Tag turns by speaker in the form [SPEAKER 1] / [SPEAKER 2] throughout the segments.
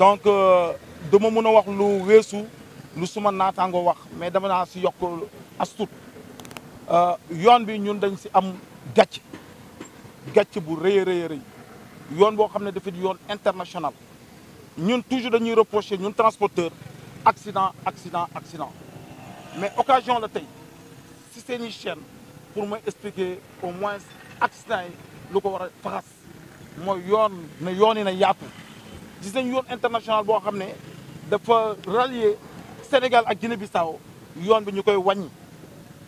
[SPEAKER 1] donc euh, dama mën a wax lu weesu lu suma naataango wax mais dama naa si yokk astut euh, yoon bi ñun dañ si am gàcc gàcc bu rëy rëy rëy yoon boo xam ne dafa di yoon international ñun toujours dañuy reprocher ñun transporteur accident accident accident mais occasion la tey si seeni chaîne pour ma expliquer au moins accident yi lu ko war a faxas mooy yoon ne yoon yi na yaatu gis nañ yoon international boo xam ne dafa rallier Sénégal ak Guinée Bissau yoon bi ñu koy wàññi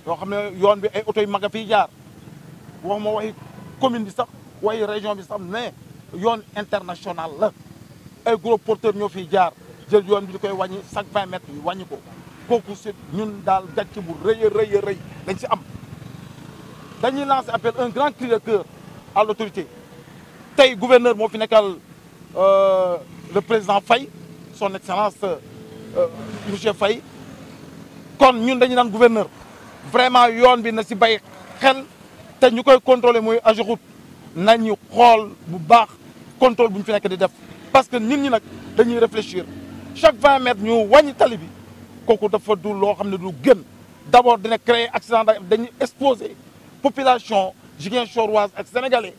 [SPEAKER 1] yoo xam ne yoon bi ay auto yu mag a fiy jaar waxuma waxi commune bi sax waxi région bi sax mais yoon international la ay gros porteur ñoo fiy jaar jël yoon bi ñu koy wàññi chaque vingt mètres yi wàññi ko kooku si ñun daal gàcc bu rëy a rëy a rëy lañ si am dañuy lancer appel un grand cri de cœur à l'autorité tey gouverneur moo fi nekkal euh, le président Faye son excellence euh, monsieur Faye kon ñun dañu naan gouverneur vraiment yoon bi na si bay xel te ñu koy contrôler mooy AGEROUTE nañu xool bu baax contrôle bu ñu fi di def parce que nit ñi nag dañuy réfléchir chaque 20 mètres ñu wàññi tali bi kooku dafa du loo xam ne du gën d'abord dina créer accident dañuy exposer population Ziguinchoroise ak sénégalais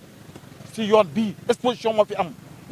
[SPEAKER 1] si yoon bii exposition moo fi am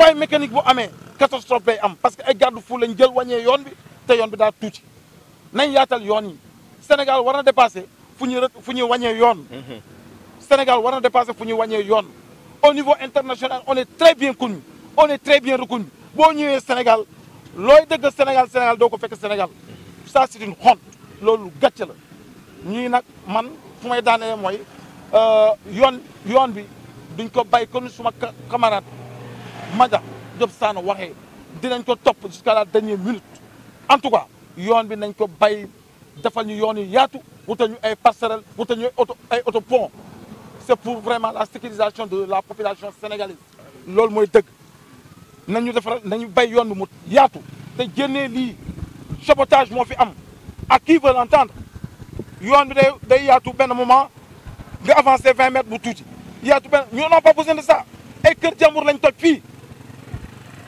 [SPEAKER 1] faille mécanique bu amé catastrophe am parce que ay garde fou lañ jël wañé yoon bi té yoon bi da touti nañ yaatal yoon yi Sénégal warna dépasser fuñu fuñu wañé yoon. Mhm. Sénégal warna dépasser fuñu wañé yoon. au niveau international on est très bien connu on est très bien reconnu bo ñëwé Sénégal loy dëgg Sénégal Sénégal doo ko fekk Sénégal ça c'est une honte lolu gàcce la ñii man fumay dané moy euh yoon yoon bi duñ ko bay comme suma camarade. Maja Diop Sane waxee dinañ ko jusqu'à la dernière minute en tout cas yoon bi nañ ko bàyyi defal ñu yoon yu yaatu wutal ñu ay passerelles wutal ñu auto ay auto pont c'est pour vraiment la sécurisation de la population sénégalaise loolu mooy dëgg nañu defar nañu bay yoon bi mu yaatu te génnee lii sabotage moo fi am ak qui veut l'entendre yoon bi day day yaatu benn moment nga avancer vingt mètres bu tuuti yaatu Ben ñu n'avons pas besoin de ça ay kër Diamour lañ toj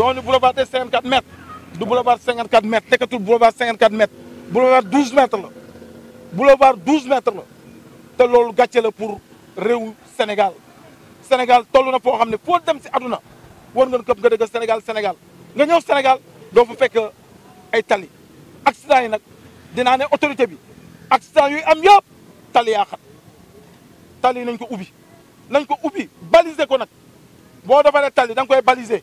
[SPEAKER 1] Un boulevard 54 mètres du boulevard 54 mètres un boulevard 54 mètres boulevard 12 mètres la boulevard 12 mètres la te loolu pour Réou, Sénégal Sénégal toll na pour xam ne à dem si on war le Sénégal Sénégal nga Sénégal il fa fekk ay tali accident yi y a ne autorité bi accident a am yop. tali yaa tali nañ ko y a ko baliser ko on tali da nga koy baliser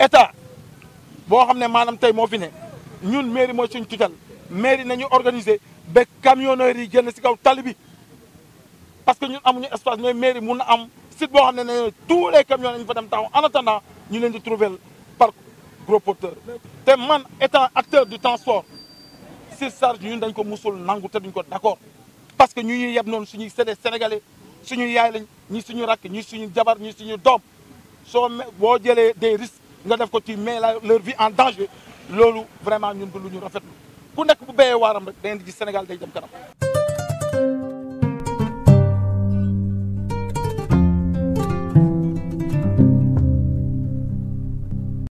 [SPEAKER 1] état boo ne fi ñun mairie mairie nañu organiser parce que ñun amuñu espace mais mairie tous les camions fa en attendant ñu leen di par gros porteur man étant acteur du transport si charge ñun dañ ko musul duñ ko d'accord parce que ñu ñuy yeb non sénégalais suñu yaay lañ ñi suñu ñi suñu jabar ñi suñu des risques nous mettent leur vie en danger Lolo, vraiment nous du nous refaire. Pour ku nous bu Sénégal